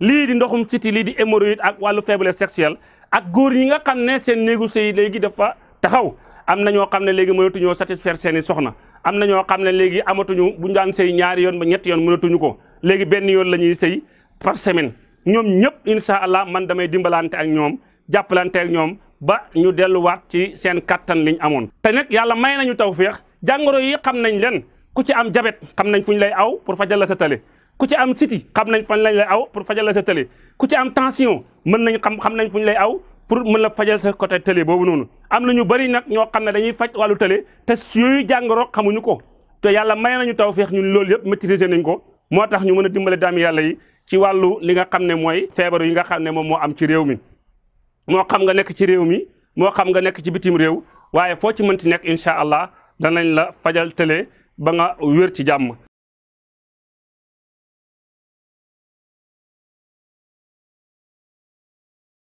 lii di ndoxum siti lii di hémorroïde ak wàllu faiblesse sexuelle ak góor yi nga xam ne seen néegu sëy léegi def dafa taxaw am na ñoo xam ne léegi mënatuñoo satisfaire seen i soxna am na ñoo xam ne léegi amatuñu buñ daan sëy ñaari yoon ba ñetti yoon mënatuñu ko léegi benn yoon la ñuy sëy par semaine ñoom ñëpp incha allah man damay dimbalante ak ñoom jàppalante ak ñoom ba ñu delluwaat ci seen kattan liñ amoon. te nag yàlla may nañu taw tawféex jàngoro yi xam nañ leen ku ci am jabet xam nañ fu ñu lay aw pour fajal sa tale ku ci am siti xam nañ fan lañ lay aw pour fajal sa tële ku ci am tension mën nañ xam xam nañ fu ñu lay aw pour mën la fajal sa côté tële boobu noonu am nañu bari nag ñoo xam ne dañuy faj wàllu tële te yooyu jàngoro xamuñu ko te yàlla may nañu taw feex ñun loolu yëpp maîtriser nañ ko moo tax ñu mën a dimbale daami yàlla yi ci wàllu li nga xam ne mooy yi nga xam ne moom moo am ci réew mi moo xam nga nekk ci réew mi moo xam nga nekk ci bitim réew waaye foo ci mënti nekk incha allah danañ la fajal tële ba nga wér ci jàmm